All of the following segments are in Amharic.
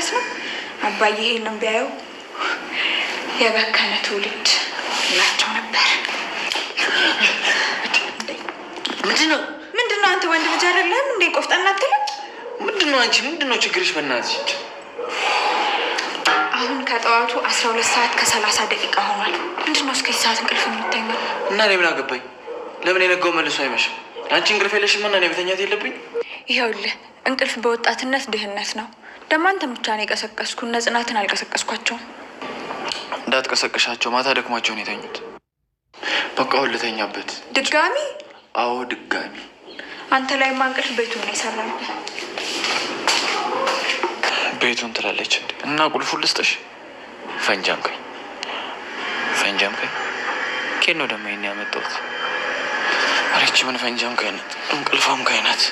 ማለት ነው። አባዬ ይሄንን ቢያየው የበከነ ትውልድ ይላቸው ነበር። ምንድነው ምንድነው? አንተ ወንድ ልጅ አይደለም እንዴ? ቆፍጣና አትልም? ምንድነው አንቺ? ምንድነው ችግርሽ? በእናትሽ አሁን ከጠዋቱ አስራ ሁለት ሰዓት ከሰላሳ ደቂቃ ሆኗል። ምንድነው እስከዚህ ሰዓት እንቅልፍ የምተኛው? እና እኔ ምን አገባኝ? ለምን የነገው መልሶ አይመሽም? አንቺ እንቅልፍ የለሽም እና እኔ መተኛት የለብኝ? ይኸውልህ እንቅልፍ በወጣትነት ድህነት ነው። ደግሞ አንተን ብቻ ነው የቀሰቀስኩ፣ እነ ጽናትን አልቀሰቀስኳቸውም። እንዳትቀሰቀሻቸው ማታ ደክሟቸው ነው የተኙት። በቃ አሁን ልተኛበት። ድጋሚ? አዎ ድጋሚ። አንተ ላይ ማንቅልፍ ቤቱ ነው የሰራው። ቤቱን ትላለች እንዴ? እና ቁልፉን ልስጥሽ? ፈንጃም ከኝ ፈንጃም ከኝ ኬን ነው ደግሞ ይሄን ያመጣሁት። አሬች ምን ፈንጃም ከይነት እንቅልፋም ከይነት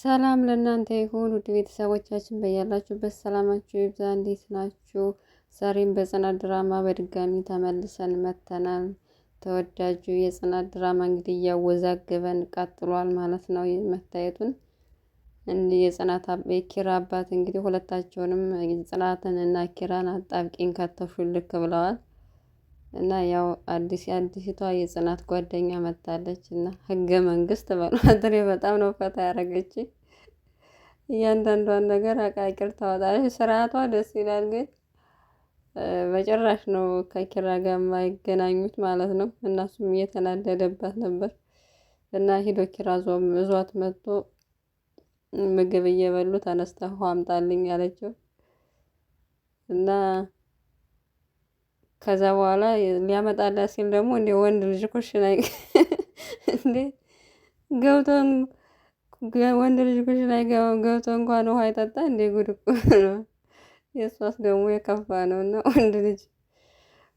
ሰላም ለእናንተ ይሁን ውድ ቤተሰቦቻችን፣ በያላችሁበት ሰላማችሁ ይብዛ። እንዴት ናችሁ? ዛሬም በጽናት ድራማ በድጋሚ ተመልሰን መተናል። ተወዳጁ የጽናት ድራማ እንግዲህ እያወዛገበን ቀጥሏል ማለት ነው መታየቱን የጽናት የኪራ አባት እንግዲህ ሁለታቸውንም ጽናትን እና ኪራን አጣብቂኝ ከተፉ ልክ ብለዋል። እና ያው አዲስ አዲስቷ የጽናት ጓደኛ መታለች እና ህገ መንግስት በማድሬ በጣም ነው ፈታ ያደረገችኝ። እያንዳንዷን ነገር አቃቂር ታወጣለች። ስርዓቷ ደስ ይላል፣ ግን በጭራሽ ነው ከኪራ ጋር የማይገናኙት ማለት ነው። እናሱም እየተናደደባት ነበር እና ሂዶ ኪራ እዟት መጥቶ ምግብ እየበሉ ተነስተ ውሃ አምጣልኝ አለችው እና ከዛ በኋላ ሊያመጣላ ሲል ደግሞ እንደ ወንድ ልጅ ኩሽና እንዴ ገብቶ ወንድ ልጅ ኩሽና ገብቶ እንኳን ውሃ ይጠጣ እንዴ ጉድ እኮ ነው። የእሷስ ደግሞ የከፋ ነው። እና ወንድ ልጅ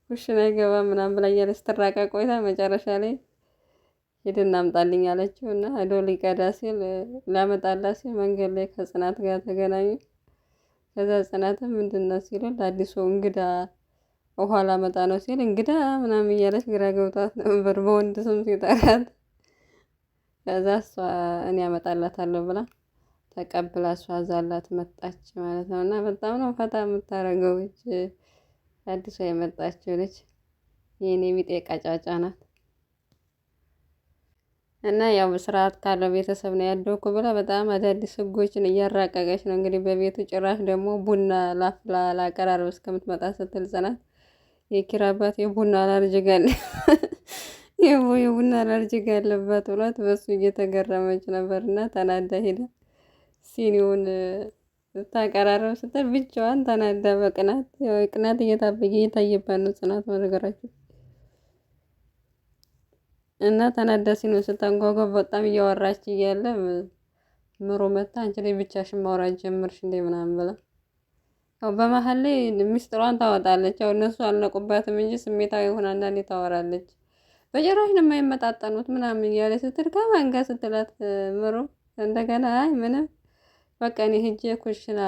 ኩሽና አይገባ ምናምን ብላ እያለች ስትራቃ ቆይታ መጨረሻ ላይ ሂድና አምጣልኝ አለችው እና ሄዶ ሊቀዳ ሲል ሊያመጣላ ሲል መንገድ ላይ ከጽናት ጋር ተገናኙ። ከዛ ጽናትም ምንድን ነው ሲሉ ለአዲሱ እንግዳ ውሃ ላመጣ ነው ሲል እንግዳ ምናምን እያለች ግራ ገብቷት ነበር በወንድ ስም ሲጠራት። ከዛ እሷ እኔ ያመጣላታለሁ ብላ ተቀብላ እሷ ዛላት መጣች ማለት ነው። እና በጣም ነው ፈታ የምታረገው ልጅ አዲሷ የመጣችው ልጅ የኔ ቢጤ ቃጫጫ ናት። እና ያው ስርዓት ካለው ቤተሰብ ነው ያደኩ ብላ በጣም አዳዲስ ህጎችን እያራቀቀች ነው እንግዲህ በቤቱ ጭራሽ ደግሞ ቡና ላፍላ ላቀራርብ እስከምትመጣ ስትል ጽናት የኪራ አባት የቡና ጋለ የቡ የቡና አላርጅክ አለባት ብሏት በሱ እየተገረመች ነበር። እና ተናዳ ሄዳ ሲኒውን ስታቀራረብ ስትል ብቻዋን ተናዳ በቅናት ቅናት እየታበየ እየታየባት ነው ጽናት መነገራችሁ እና ተናዳ ሲኒ ስታንጓጓ በጣም እያወራች እያለ ምሮ መታ አንቺ ላይ ብቻሽን ማውራት ጀምርሽ እንዴ ምናምን ብላ በመሀል ላይ ሚስጥሯን ታወጣለች። ያው እነሱ አልነቁባትም እንጂ ስሜታዊ ሆና አንዳንዴ ታወራለች። በጭራሽ ነው የማይመጣጠኑት ምናምን እያለ ስትል ከማን ጋር ስትላት ምሩ እንደገና አይ ምንም በቃ እኔ ሂጄ ኩሽና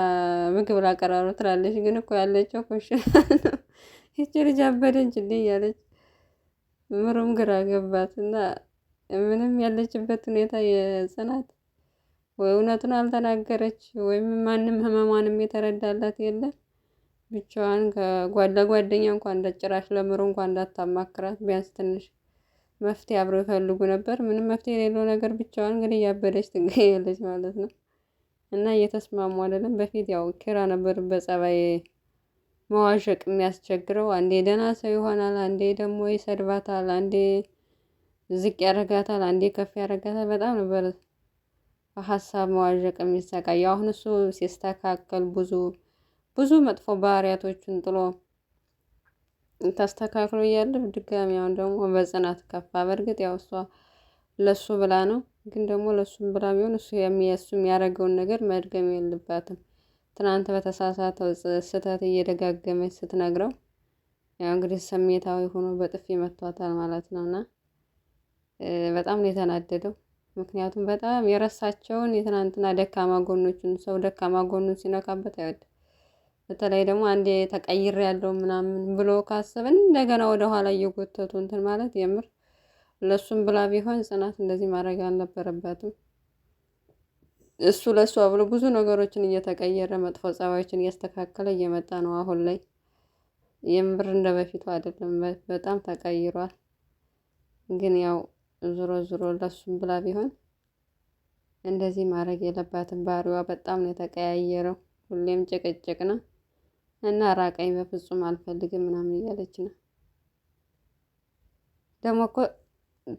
ምግብ ላቀራሩ ትላለች። ግን እኮ ያለችው ኩሽና ነው። ይቺ ልጅ አበደች እንዴ እያለች ምሩም ግራ ገባት እና ምንም ያለችበት ሁኔታ የጽናት ወይ እውነቱን አልተናገረች ወይም ማንም ህመሟንም የተረዳላት የለ። ብቻዋን ከጓዳ ጓደኛ እንኳን እንዳጭራሽ ለምሮ እንኳን እንዳታማክራት ቢያንስ ትንሽ መፍትሄ አብረው ይፈልጉ ነበር። ምንም መፍትሄ የሌለው ነገር ብቻዋን እንግዲህ እያበደች ትገኛለች ማለት ነው። እና እየተስማሙ አይደለም። በፊት ያው ኪራ ነበር በጸባይ መዋዠቅ የሚያስቸግረው። አንዴ ደህና ሰው ይሆናል፣ አንዴ ደግሞ ይሰድባታል፣ አንዴ ዝቅ ያደርጋታል፣ አንዴ ከፍ ያደርጋታል። በጣም ነበር በሀሳብ መዋዠቅ የሚሰቃየው አሁን እሱ ሲስተካከል ብዙ ብዙ መጥፎ ባህሪያቶችን ጥሎ ተስተካክሎ እያለ ድጋሚ አሁን ደግሞ በጽናት ከፋ። በእርግጥ ያው እሷ ለሱ ብላ ነው፣ ግን ደግሞ ለሱም ብላ ቢሆን እሱ የሚያሱ የሚያደርገውን ነገር መድገም የለባትም። ትናንት በተሳሳተው ስህተት እየደጋገመች ስትነግረው ያው እንግዲህ ስሜታዊ ሆኖ በጥፊ መቷታል ማለት ነው እና በጣም ነው የተናደደው። ምክንያቱም በጣም የረሳቸውን የትናንትና ደካማ ጎኖችን ሰው ደካማ ጎኑን ሲነካበት አይወድም። በተለይ ደግሞ አንዴ ተቀይር ያለው ምናምን ብሎ ካሰብ እንደገና ወደኋላ እየጎተቱ እንትን ማለት የምር ለሱም ብላ ቢሆን ጽናት እንደዚህ ማድረግ አልነበረበትም። እሱ ለእሷ ብሎ ብዙ ነገሮችን እየተቀየረ መጥፎ ጸባዮችን እያስተካከለ እየመጣ ነው። አሁን ላይ የምር እንደ በፊቱ አይደለም፣ በጣም ተቀይሯል። ግን ያው ዞሮ ዞሮ ለሱም ብላ ቢሆን እንደዚህ ማድረግ የለባትም። ባህሪዋ በጣም ነው የተቀያየረው። ሁሌም ጭቅጭቅ ነው እና ራቀኝ፣ በፍጹም አልፈልግም ምናምን እያለች ነው። ደግሞ እኮ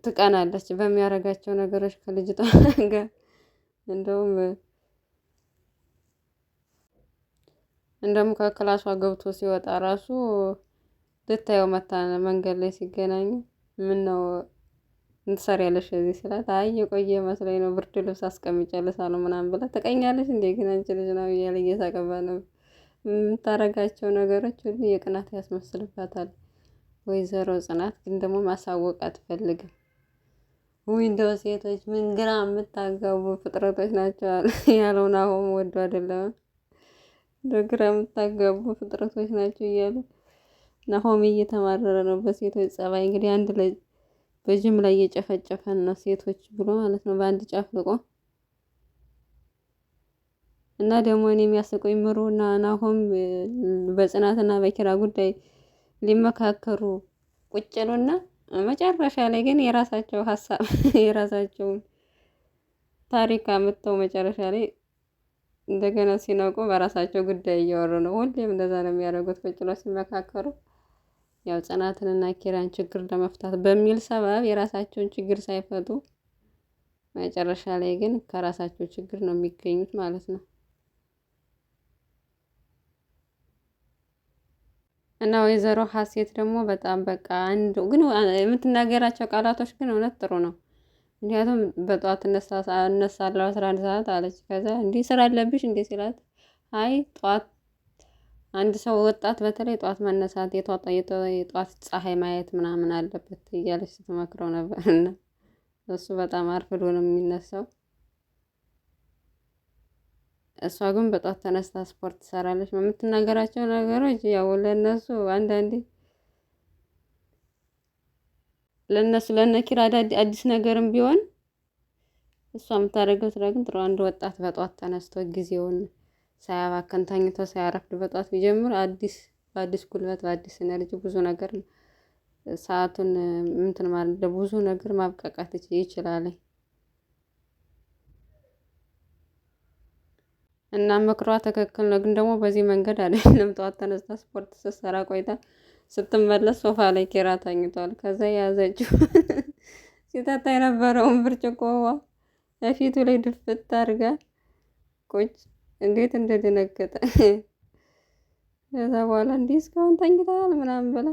ትቀናለች በሚያደርጋቸው ነገሮች ከልጅቷ ጋር እንደውም እንደውም ከክላሷ ገብቶ ሲወጣ ራሱ ልታየው መታ መንገድ ላይ ሲገናኙ ምን ነው ያለሽ እዚህ ስላት፣ አይ የቆየ መስለኝ ነው ብርድ ልብስ አስቀምጫለሁ ሳሎን ምናምን ብላ ትቀኛለሽ እንዴ ግን አንቺ ልጅ ነው እያለ እየሳቀባ ነው። የምታረጋቸው ነገሮች ሁሉ የቅናት ያስመስልባታል። ወይዘሮ ጽናት ግን ደግሞ ማሳወቅ አትፈልግም። ዊንዶው ሴቶች ምን ግራ የምታጋቡ ፍጥረቶች ናቸው ያለውን አሁን ወዱ አይደለም ግራ የምታጋቡ ፍጥረቶች ናቸው እያሉ ናሆም እየተማረረ ነው በሴቶች ጸባይ። እንግዲህ አንድ ላይ በጅምላ እየጨፈጨፈን ነው ሴቶች ብሎ ማለት ነው። በአንድ ጫፍ ልቆ እና ደግሞ እኔ የሚያስቀኝ ምሩ እና ናሆም በጽናትና በኪራ ጉዳይ ሊመካከሩ ቁጭ ሉና መጨረሻ ላይ ግን የራሳቸው ሀሳብ የራሳቸውን ታሪክ አምጥተው መጨረሻ ላይ እንደገና ሲነቁ በራሳቸው ጉዳይ እያወሩ ነው። ሁሌም እንደዛ ነው የሚያደርጉት ቁጭ ነው ሲመካከሩ ያው ጽናትንና ኪራን ችግር ለመፍታት በሚል ሰበብ የራሳቸውን ችግር ሳይፈቱ መጨረሻ ላይ ግን ከራሳቸው ችግር ነው የሚገኙት ማለት ነው። እና ወይዘሮ ሀሴት ደግሞ በጣም በቃ አንድ ግን የምትናገራቸው ቃላቶች ግን እውነት ጥሩ ነው። ምክንያቱም በጠዋት እነሳለሁ አስራ አንድ ሰዓት አለች። ከዛ እንዲህ ስራ አለብሽ እንዴ ሲላት አይ ጠዋት አንድ ሰው ወጣት በተለይ ጠዋት መነሳት የጠዋት ፀሐይ ማየት ምናምን አለበት እያለች ስትመክረው ነበር። እና እሱ በጣም አርፍዶ ነው የሚነሳው። እሷ ግን በጠዋት ተነስታ ስፖርት ትሰራለች። በምትናገራቸው ነገሮች ያው ለእነሱ አንዳንዴ ለእነሱ ለእነ ኪራ አዲስ ነገርም ቢሆን እሷ የምታደርገው ስራ ግን ጥሩ አንድ ወጣት በጠዋት ተነስቶ ጊዜውን ሳያባከን ተኝቶ ሳያረፍድ በጠዋት ቢጀምር አዲስ በአዲስ ጉልበት በአዲስ ኤነርጂ ብዙ ነገር ሰዓቱን እንትን ማለት ለብዙ ነገር ማብቃቃት ይችላል። እና ምክሯ ትክክል ነው፣ ግን ደግሞ በዚህ መንገድ አይደለም። ጠዋት ተነስታ ስፖርት ስትሰራ ቆይታ ስትመለስ ሶፋ ላይ ኬራ ተኝቷል። ከዛ የያዘችው ሲጠጣ የነበረውን ብርጭቆ ውሃ ፊቱ ላይ ድፍት አድርጋ ቁጭ እንዴት እንደደነገጠ ከዛ በኋላ እንዲህ እስካሁን ተኝተሃል ምናምን ብላ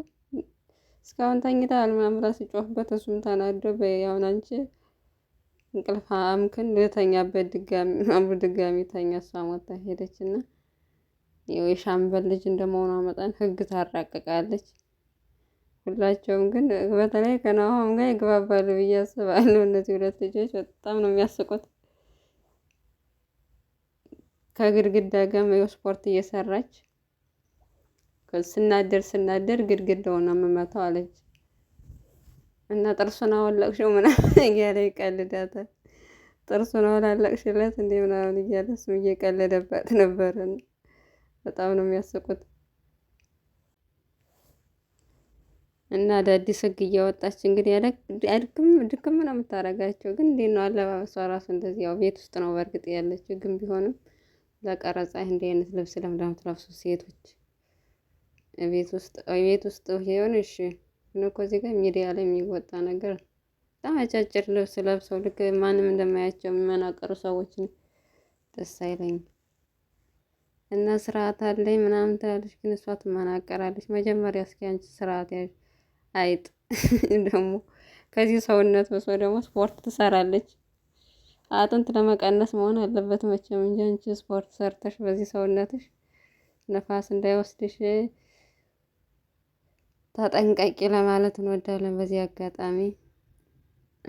እስካሁን ተኝተሃል ምናምን ብላ ሲጮህበት እሱም ተናዶ በያውን አንቺ እንቅልፍ አምክን ልተኛበት ድጋሚ አምሩ ድጋሚ ተኛ። እሷ ሞታ ሄደች እና የሻምበል ልጅ እንደመሆኗ መጠን ህግ ታራቅቃለች። ሁላቸውም ግን በተለይ ከናሆም ጋር ይግባባሉ ብዬ አስባለሁ። እነዚህ ሁለት ልጆች በጣም ነው የሚያስቁት። ከግድግዳ ጋር ስፖርት እየሰራች ስናደር ስናደር ግድግዳው ነው የምመታው አለች እና ጥርሱን አወለቅሽው ምናምን እያለ ይቀልዳታል። ጥርሱን አወላለቅሽለት እንዴ ምናምን እያለ እሱም እየቀለደባት ነበረ። በጣም ነው የሚያስቁት። እና አዳዲስ ህግ እያወጣች እንግዲህ አድክም ድክም ነው የምታደርጋቸው። ግን እንዴት ነው አለባበሷ ራሱ እንደዚህ ያው ቤት ውስጥ ነው በእርግጥ ያለችው ግን ቢሆንም ለቀረጻ እንዲህ አይነት ልብስ ለምንድን ነው ሴቶች? ቤት ውስጥ ቤት ውስጥ ይሆን እሺ። ግን እኮ እዚህ ጋር ሚዲያ ላይ የሚወጣ ነገር በጣም አጫጭር ልብስ ለብሰው ልክ ማንም እንደማያቸው የሚመናቀሩ ሰዎችን ደስ አይለኝም። እና ስርዓት አለኝ ምናምን ትላለች፣ ግን እሷ ትመናቀራለች። መጀመሪያ እስኪ አንቺ ስርዓት አይጥ ደግሞ ከዚህ ሰውነት በሰው ደግሞ ስፖርት ትሰራለች። አጥንት ለመቀነስ መሆን አለበት መቼም እንጂ አንቺ ስፖርት ሰርተሽ በዚህ ሰውነትሽ ነፋስ እንዳይወስድሽ ተጠንቀቂ ለማለት እንወዳለን። በዚህ አጋጣሚ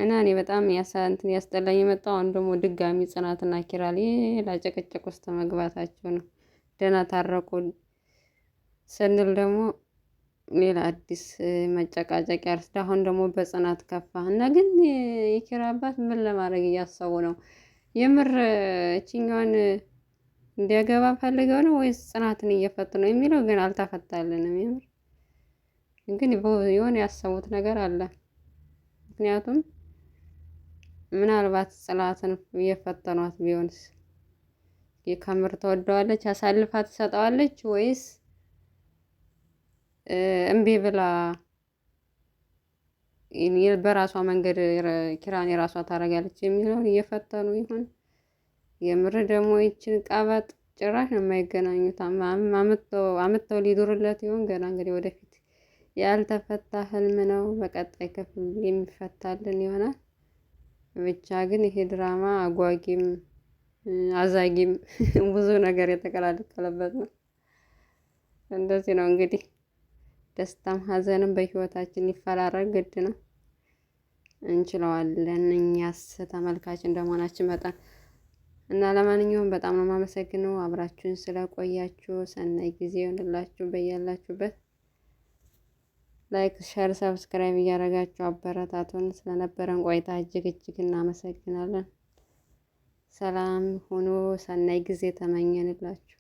እና እኔ በጣም ያሳንትን ያስጠላኝ የመጣው አሁን ደግሞ ድጋሚ ጽናትና ኪራ ሌላ ጭቅጭቅ ውስጥ መግባታቸው ነው። ደህና ታረቁ ስንል ደግሞ ሌላ አዲስ መጨቃጨቂያ ያርስድ። አሁን ደግሞ በጽናት ከፋ እና ግን የኪራ አባት ምን ለማድረግ እያሰቡ ነው? የምር እችኛዋን እንዲያገባ ፈልገው ነው ወይስ ጽናትን እየፈተኑ ነው የሚለው ግን አልተፈታልንም። የምር ግን የሆነ ያሰቡት ነገር አለ። ምክንያቱም ምናልባት ጽናትን እየፈተኗት ቢሆንስ? ከምር ተወደዋለች፣ አሳልፋ ትሰጠዋለች ወይስ እምቢ ብላ በራሷ መንገድ ኪራን የራሷ ታደርጋለች የሚለውን እየፈተኑ ይሆን? የምር ደግሞ ይችን ቀበጥ ጭራሽ ነው የማይገናኙት። አምጥተው ሊዱርለት ይሆን? ገና እንግዲህ ወደፊት ያልተፈታ ህልም ነው። በቀጣይ ክፍል የሚፈታልን ይሆናል። ብቻ ግን ይሄ ድራማ አጓጊም አዛጊም ብዙ ነገር የተቀላቀለበት ነው። እንደዚህ ነው እንግዲህ ደስታም ሀዘንም በህይወታችን ሊፈራረቅ ግድ ነው። እንችለዋለን እኛስ ተመልካች እንደመሆናችን መጠን እና ለማንኛውም በጣም ነው የማመሰግነው አብራችሁን ስለቆያችሁ። ሰናይ ጊዜ ይሆንላችሁ። በያላችሁበት ላይክ፣ ሸር፣ ሰብስክራይብ እያደረጋችሁ አበረታቱን። ስለነበረን ቆይታ እጅግ እጅግ እናመሰግናለን። ሰላም ሁኑ። ሰናይ ጊዜ ተመኘንላችሁ።